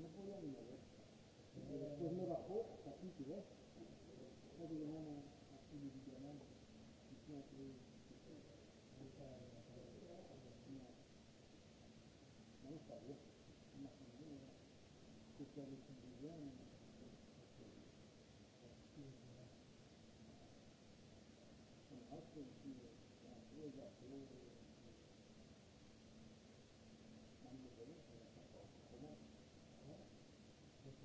no podía ni mover. Y después me bajó hasta aquí, ¿ves? Hasta que llegamos aquí de Villamán. Y fue No está bien. Imagínate que está de Villamán. Thank you.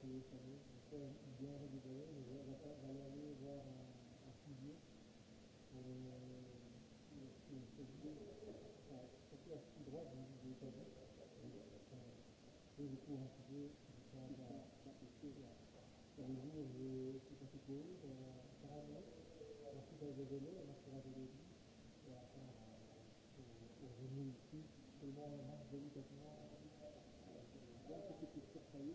essayer, ça veut faire bien réguler, les joueurs vont pas aller voir un, un fusil pour le vider, surtout à ce droit, vous vous pas vu, et vous pouvez un petit peu faire de la sur les jours, je suis passé pour eux, par un moment, alors tout avait donné, on a fait un vélo, et après, on est venu ici, seulement délicatement, un petit peu surpris,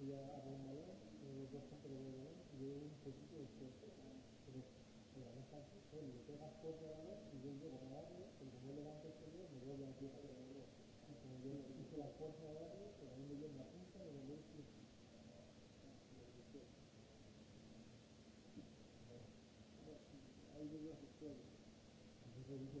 ya abonar los dos controladores y un poquito de esfuerzo. Pero la deja él le pega fuerte a la vez y yo llego a darle, pero como levanto el pelo, me vuelve a tierra. Y como yo hice la fuerza a darle, pero a mí me dio una punta, me lo voy a Ahí yo lo que estoy. Entonces dice,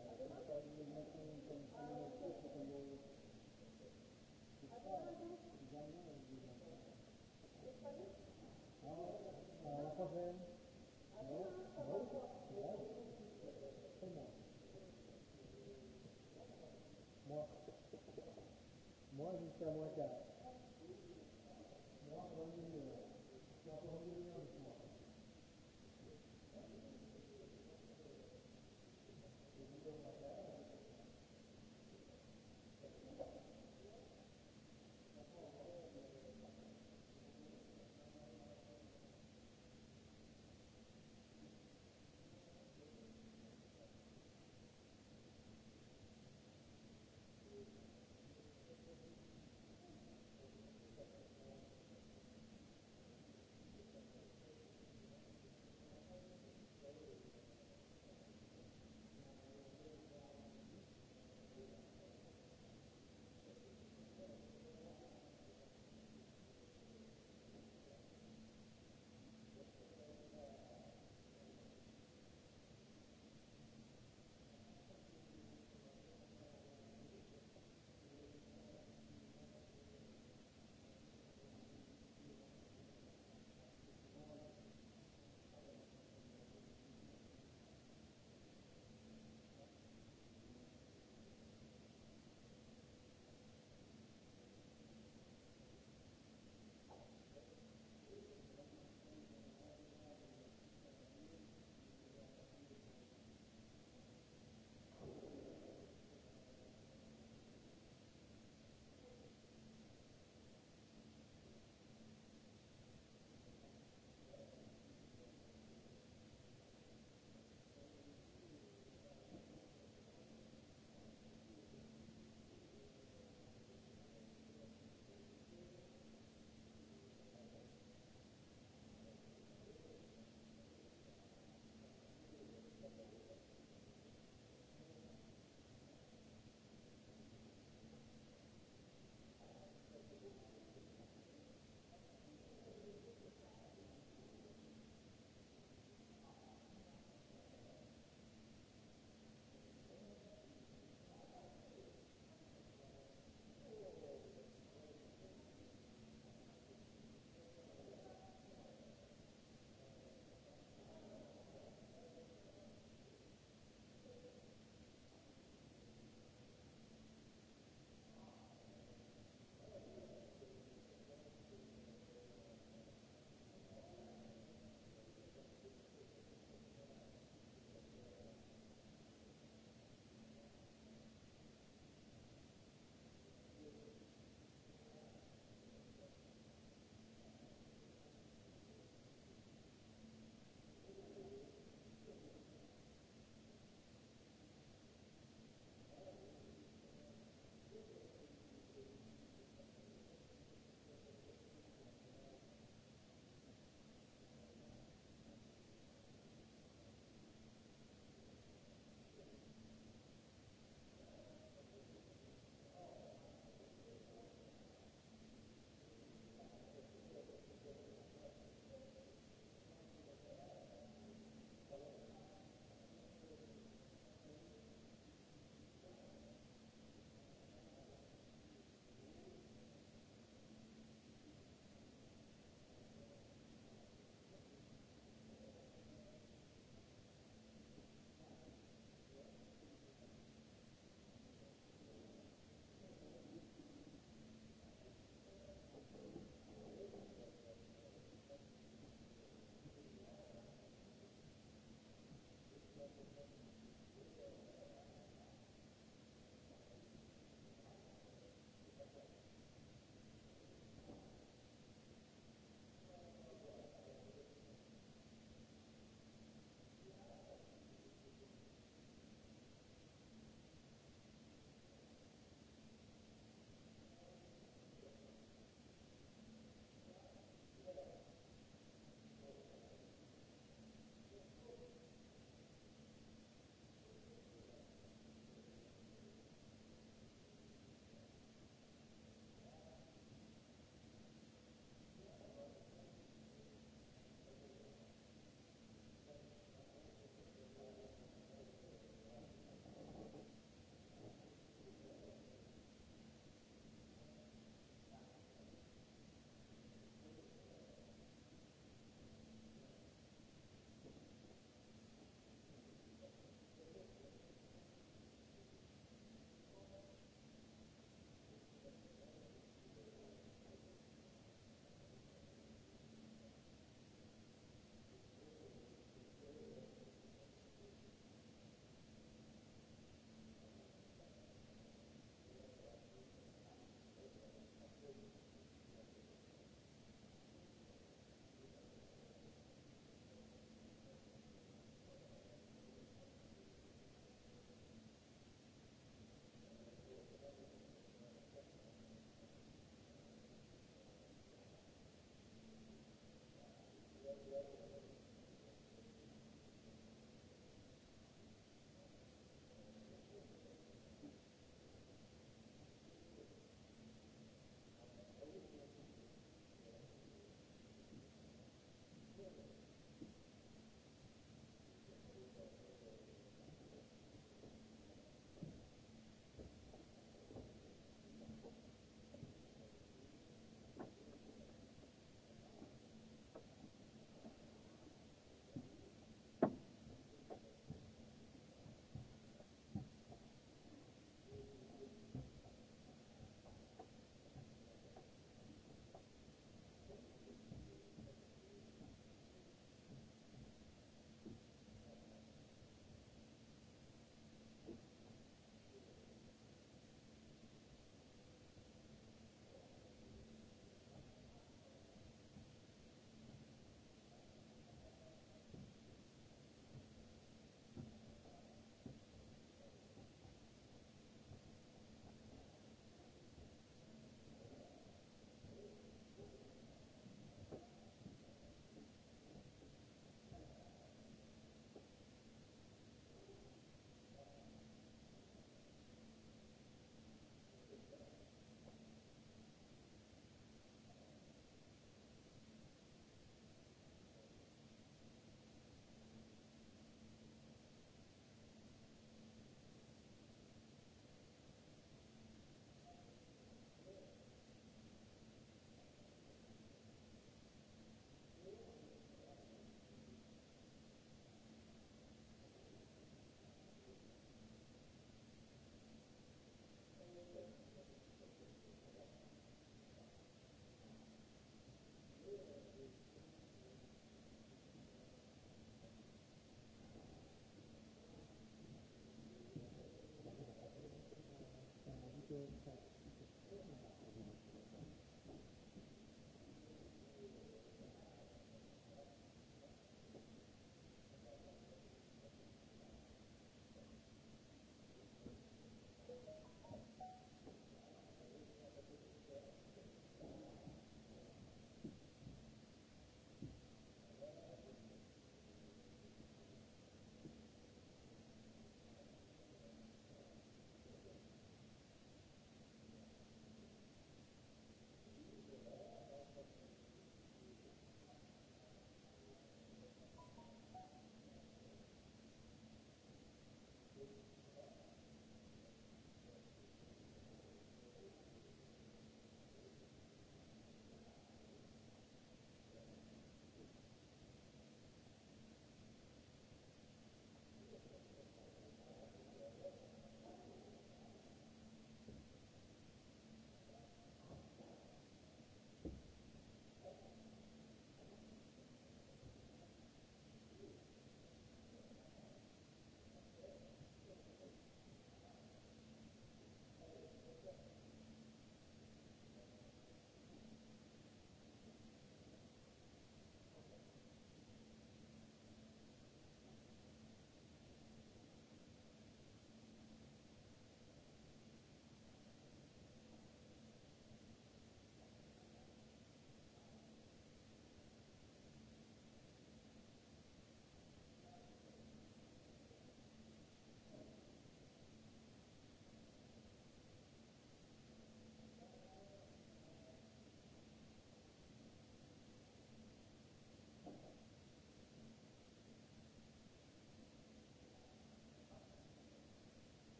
požiūris į emocijas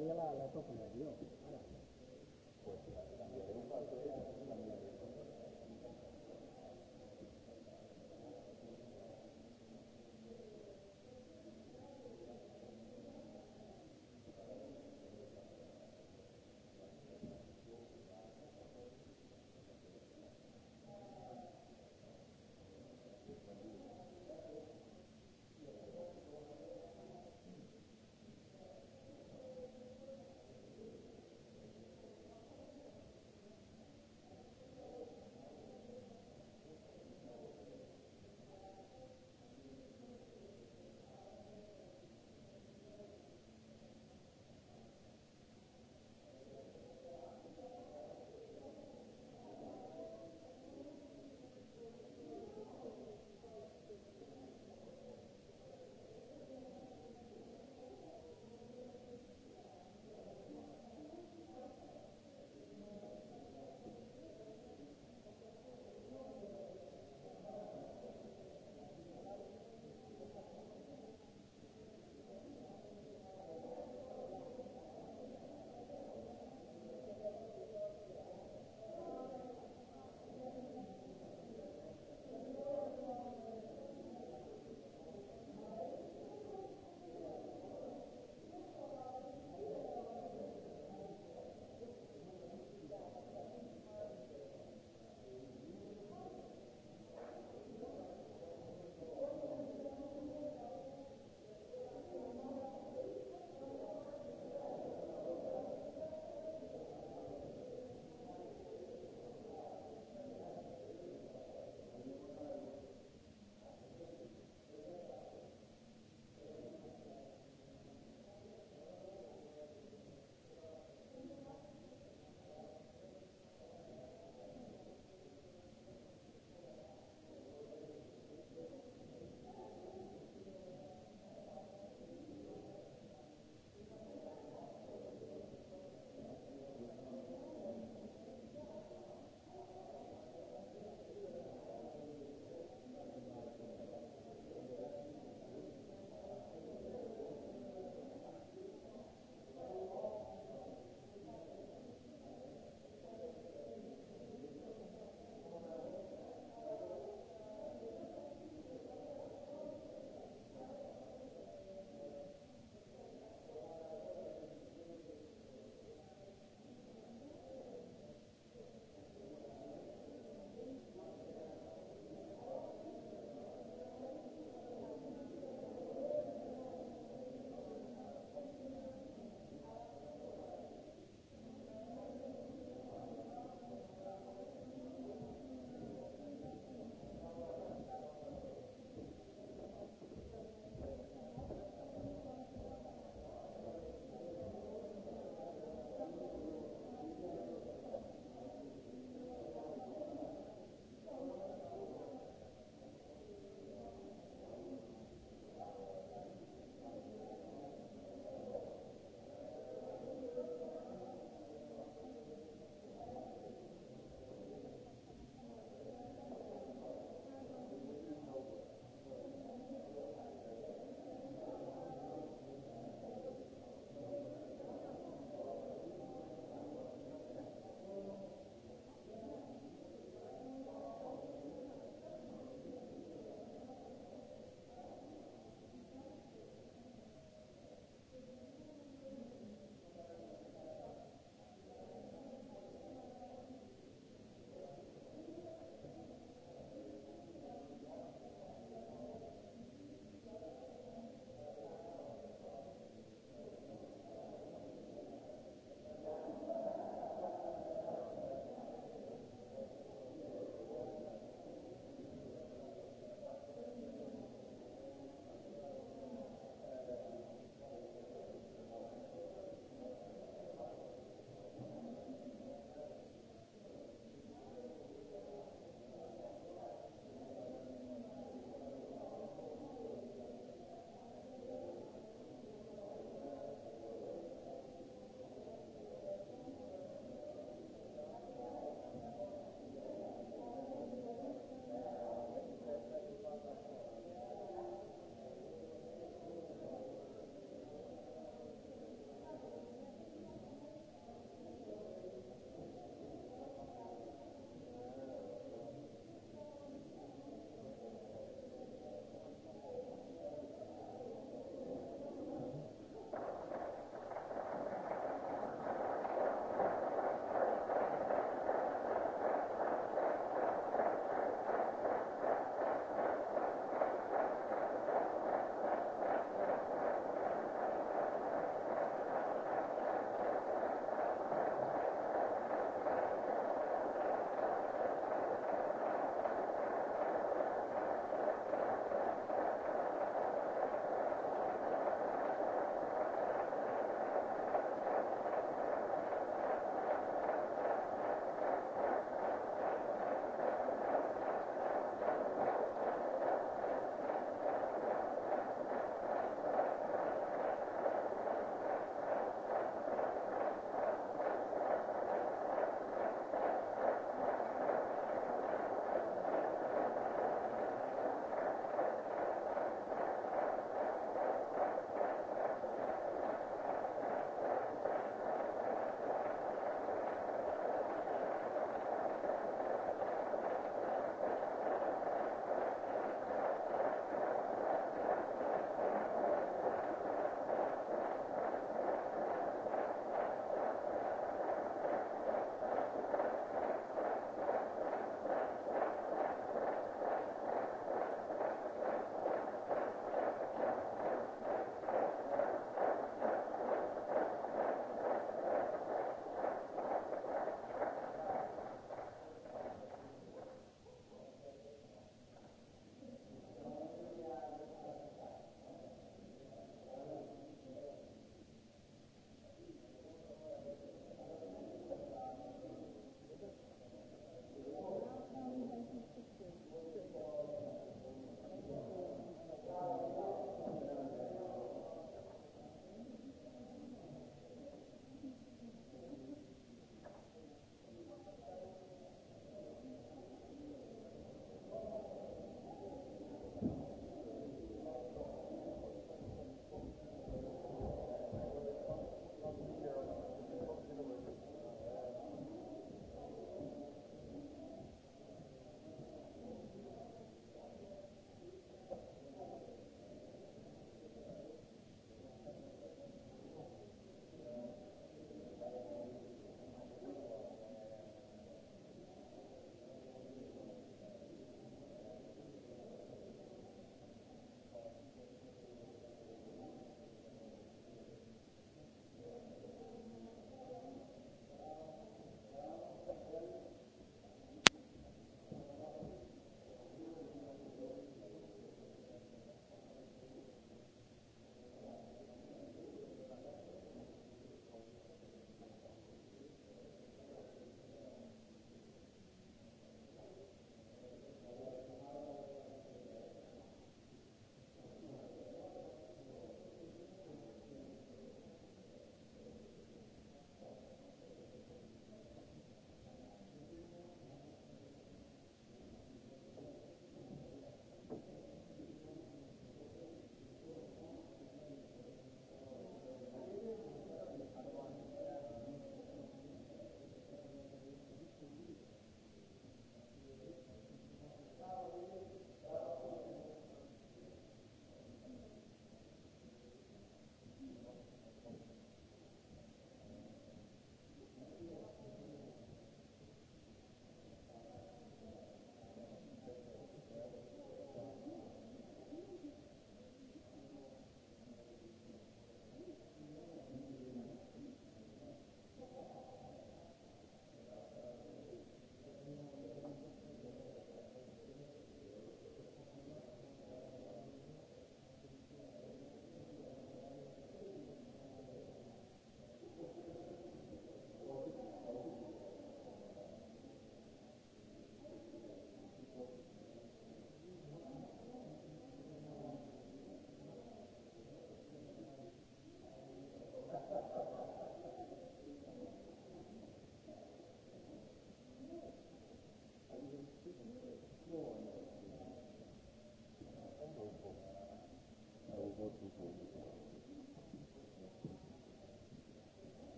Daniela, ale to polewiło.